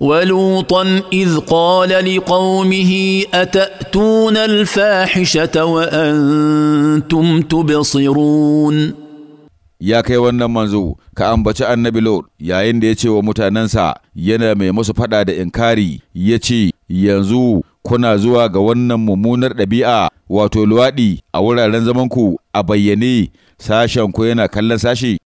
ولوطا اذ قال لقومه اتاتون الفاحشه وانتم تبصرون ya kai wannan manzo ka ambaci annabi lord yayin da ya ce wa mutanensa yana mai musu fada da inkari ya ce yanzu kuna zuwa ga wannan mummunar ɗabi'a wato luwaɗi a wuraren zamanku a bayyane sashen ku yana kallon sashi